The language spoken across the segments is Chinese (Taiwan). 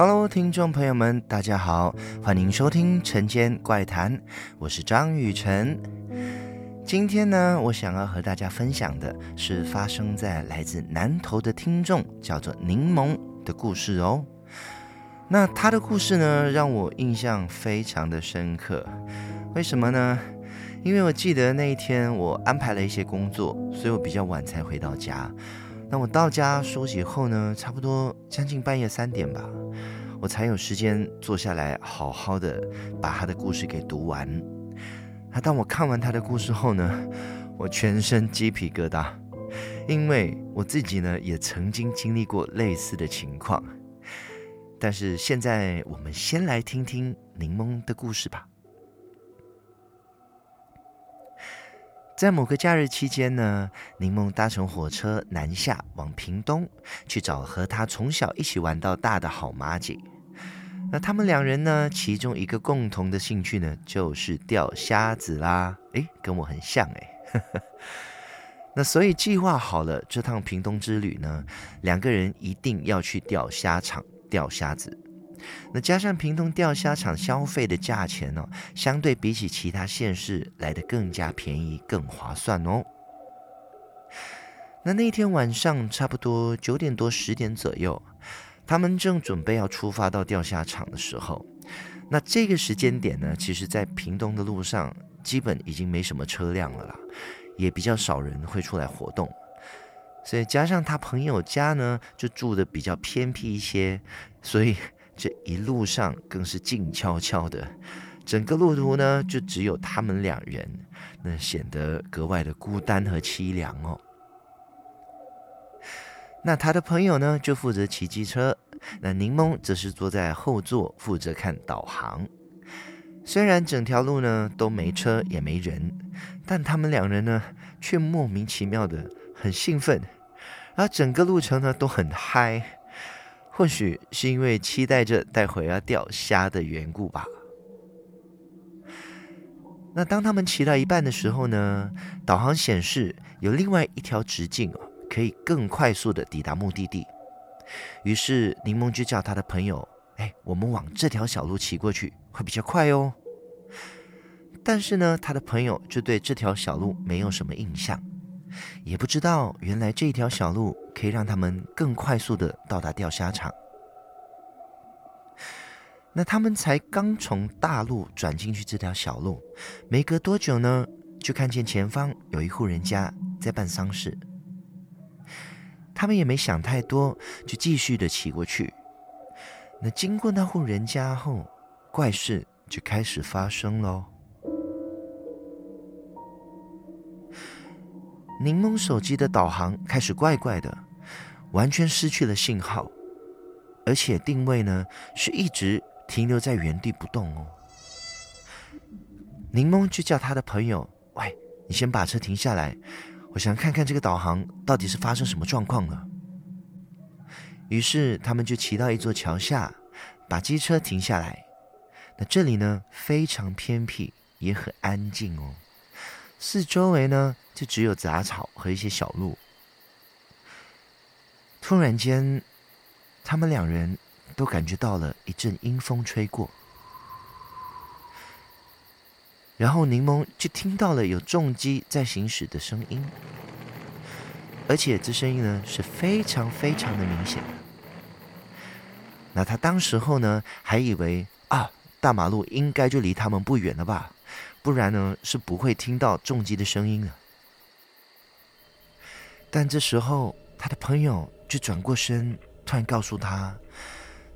Hello，聽眾朋友們，大家好，歡迎收聽《辰間怪談》，我是張雨晨。今天呢，我想要和大家分享的是發生在來自南投的聽眾叫做檸檬的故事哦。那他的故事呢，讓我印象非常的深刻。為什麼呢？因為我記得那一天我安排了一些工作，所以我比較晚才回到家。那我到家休息後呢，差不多將近半夜三點吧，我才有時間坐下來，好好的把他的故事給讀完。那當我看完他的故事後呢，我全身雞皮疙瘩，因為我自己呢也曾經經歷過類似的情況。但是現在，我們先來聽聽檸檬的故事吧。在某個假日期間呢，檸檬搭乘火車南下往屏東去找和他從小一起玩到大的好麻吉。那他們兩人呢，其中一個共同的興趣呢，就是釣蝦子啦。哎，跟我很像哎、欸。 那所以計劃好了這趟屏東之旅呢，兩個人一定要去釣蝦場釣蝦子。那加上屏東釣蝦場消費的價錢呢、哦，相對比起其他縣市來得更加便宜，更划算哦。那那天晚上差不多九點多十點左右，他們正準備要出發到釣蝦場的時候，那這個時間點呢，其實在屏東的路上基本已經沒什麼車輛了啦，也比較少人會出來活動，所以加上他朋友家呢就住得比較偏僻一些，所以。這一路上更是靜悄悄的，整個路途呢就只有他們兩人，那顯得格外的孤單和凄涼哦。那他的朋友呢就負責騎機車，那檸檬則是坐在後座負責看導航。雖然整條路呢都沒車也沒人，但他們兩人呢卻莫名其妙的很興奮，而整個路程呢都很嗨。或許是因為期待着待會要釣蝦的緣故吧。那當他們騎到一半的時候呢，導航顯示有另外一條捷徑，可以更快速的抵達目的地。於是檸檬就叫他的朋友：“哎，我們往這條小路騎過去會比較快哦。”但是呢，他的朋友就對這條小路沒有什麼印象。也不知道，原來這條小路可以讓他們更快速的到達釣蝦場。那他們才剛從大路轉進去這條小路，沒隔多久呢，就看見前方有一戶人家在辦喪事。他們也沒想太多，就繼續的騎過去。那經過那戶人家後，怪事就開始發生嘍。檸檬手機的導航開始怪怪的，完全失去了信號，而且定位呢是一直停留在原地不動哦。檸檬就叫他的朋友：“喂，你先把車停下來，我想看看這個導航到底是發生什麼狀況了。”於是他們就騎到一座橋下，把機車停下來。那這裡呢非常偏僻，也很安靜哦。四周圍呢，就只有雜草和一些小路。突然間，他們兩人都感覺到了一陣陰風吹過，然後檸檬就聽到了有重機在行駛的聲音，而且這聲音呢是非常非常的明顯的。那他當時候呢，還以為啊，大馬路應該就離他們不遠了吧。不然呢，是不會聽到重擊的聲音了。但這時候，他的朋友就轉過身，突然告訴他：“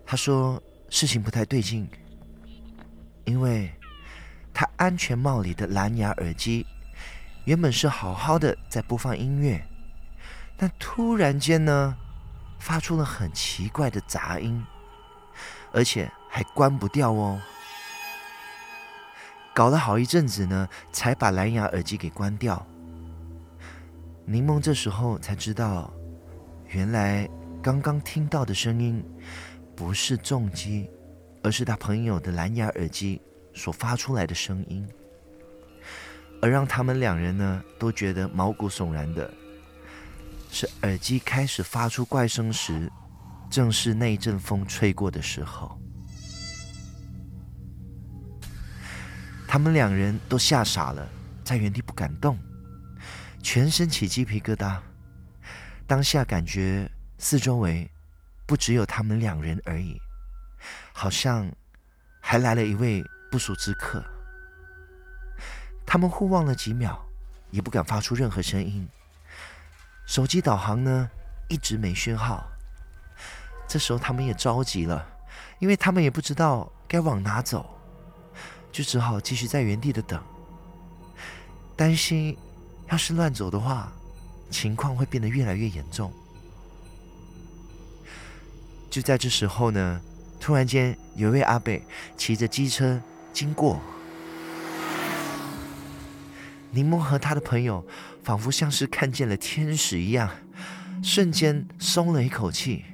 他說事情不太對勁，因為他安全帽裡的藍牙耳機原本是好好的在播放音樂，但突然間呢，發出了很奇怪的雜音，而且還關不掉哦。”搞了好一陣子呢，才把藍牙耳機給關掉。檸檬這時候才知道，原來剛剛聽到的聲音不是重擊，而是他朋友的藍牙耳機所發出來的聲音。而讓他們兩人呢，都覺得毛骨悚然的，是耳機開始發出怪聲時，正是那一陣風吹過的時候。他們兩人都嚇傻了，在原地不敢動，全身起雞皮疙瘩。當下感覺四周圍不只有他們兩人而已，好像還來了一位不速之客。他們互望了幾秒，也不敢發出任何聲音。手機導航呢，一直沒訊號，這時候他們也着急了，因為他們也不知道該往哪走。就只好繼續在原地的等，擔心要是亂走的話，情況會變得越來越嚴重。就在這時候呢，突然間有一位阿伯騎着機車經過，檸檬和他的朋友仿佛像是看見了天使一樣，瞬間鬆了一口氣。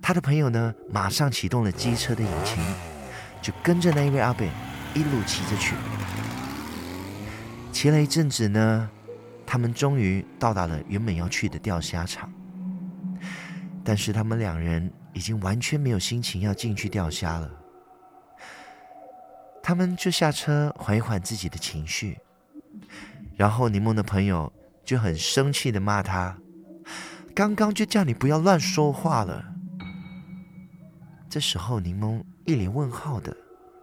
他的朋友呢，馬上啟動了機車的引擎。就跟着那一位阿伯一路騎着去，騎了一陣子呢，他們終於到達了原本要去的釣蝦場，但是他們兩人已經完全沒有心情要進去釣蝦了，他們就下車緩一緩自己的情緒，然後檸檬的朋友就很生氣地罵他，剛剛就叫你不要亂說話了，這時候檸檬。一臉問號的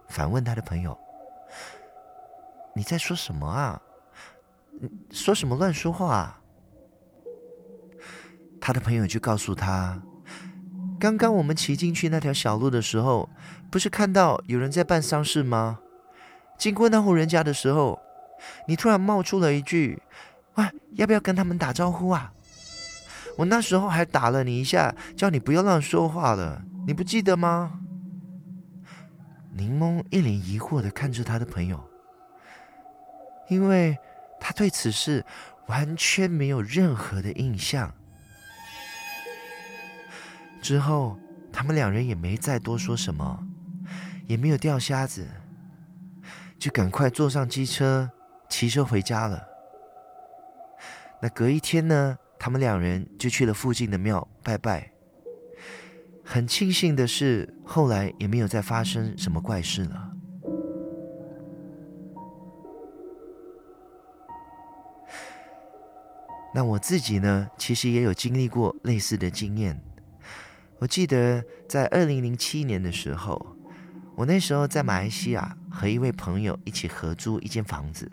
反問他的朋友：“你在說什麼啊？說什麼亂說話啊？”他的朋友就告訴他：“剛剛我們騎進去那條小路的時候，不是看到有人在辦喪事嗎？經過那戶人家的時候，你突然冒出了一句：‘哇，要不要跟他們打招呼啊？’我那時候還打了你一下，叫你不要亂說話了，你不記得嗎？”檸檬一臉疑惑的看着他的朋友，因為他對此事完全沒有任何的印象。之後，他們兩人也沒再多說什麼，也沒有釣蝦子，就趕快坐上機車，騎車回家了。那隔一天呢，他們兩人就去了附近的廟拜拜。很慶幸的是，後來也沒有再發生什麼怪事了。那我自己呢，其實也有經歷過類似的經驗。我記得在二零零七年的時候，我那時候在馬來西亞和一位朋友一起合租一間房子。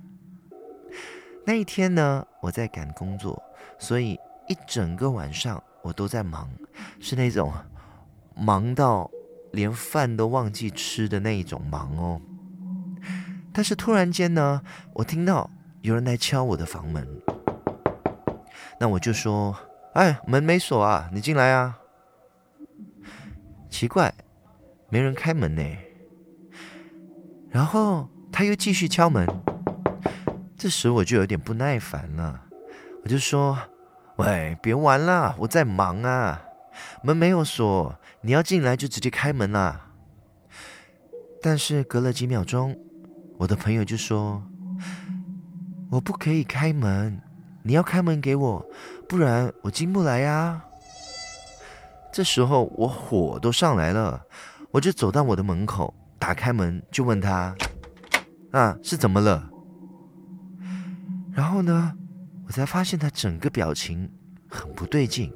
那一天呢，我在趕工作，所以一整個晚上我都在忙，是那種。忙到連飯都忘記吃的那一種忙哦，但是突然間呢，我聽到有人來敲我的房門，那我就說：“哎，門沒鎖啊，你進來啊。”奇怪，沒人開門呢。然後他又繼續敲門，這時我就有點不耐煩了，我就說：“喂，別玩了，我在忙啊。”門沒有鎖，你要進來就直接開門啦。但是隔了幾秒鐘，我的朋友就說：“我不可以開門，你要開門給我，不然我進不來呀、啊。”這時候我火都上來了，我就走到我的門口，打開門就問他：“啊，是怎麼了？”然後呢，我才發現他整個表情很不對勁。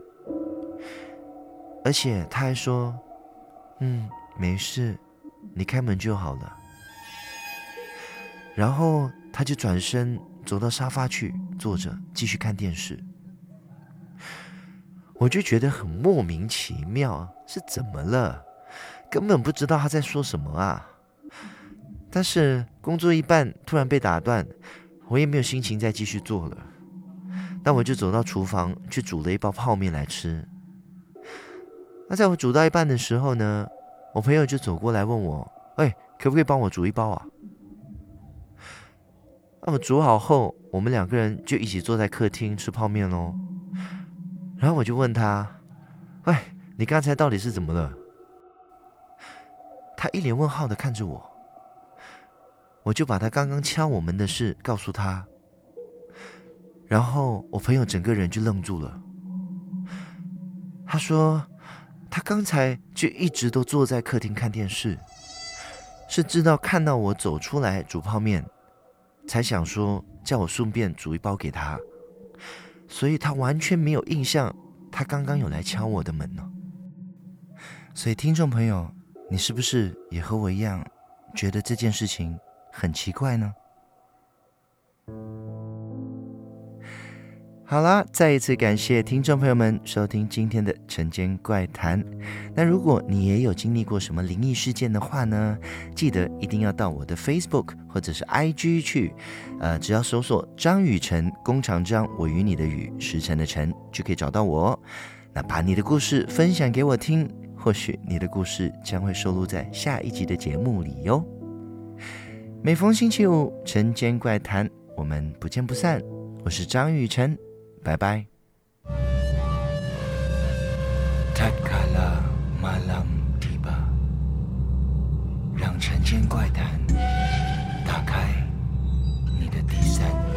而且他還說：“嗯，沒事，你開門就好了。”然後他就轉身走到沙發去坐着，繼續看電視。我就覺得很莫名其妙，是怎麼了？根本不知道他在說什麼啊。但是工作一半突然被打斷，我也沒有心情再繼續做了。那我就走到廚房去煮了一包泡麵來吃。那在我煮到一半的時候呢，我朋友就走過來問我：“哎，可不可以幫我煮一包啊？”那麼煮好後，我們兩個人就一起坐在客廳吃泡麵嘍。然後我就問他：“喂，你剛才到底是怎麼了？”他一臉問號的看着我，我就把他剛剛敲我們的事告訴他。然後我朋友整個人就愣住了，他說。他剛才就一直都坐在客廳看電視，是直到看到我走出來煮泡麵，才想說叫我順便煮一包給他，所以他完全沒有印象他剛剛有來敲我的門呢。所以聽眾朋友，你是不是也和我一樣覺得這件事情很奇怪呢？好啦，再一次感謝聽眾朋友們收聽今天的辰間怪談。那如果你也有經歷過什麼靈異事件的話呢？記得一定要到我的 Facebook 或者是 IG 去，呃，只要搜索“張雨辰”、“弓長張”、“我與你的雨”、“時辰的辰”，就可以找到我哦。那把你的故事分享給我聽，或許你的故事將會收錄在下一集的節目裡喲。每逢星期五辰間怪談，我們不見不散。我是張雨辰。拜拜。讓《辰間怪談》打開你的第三。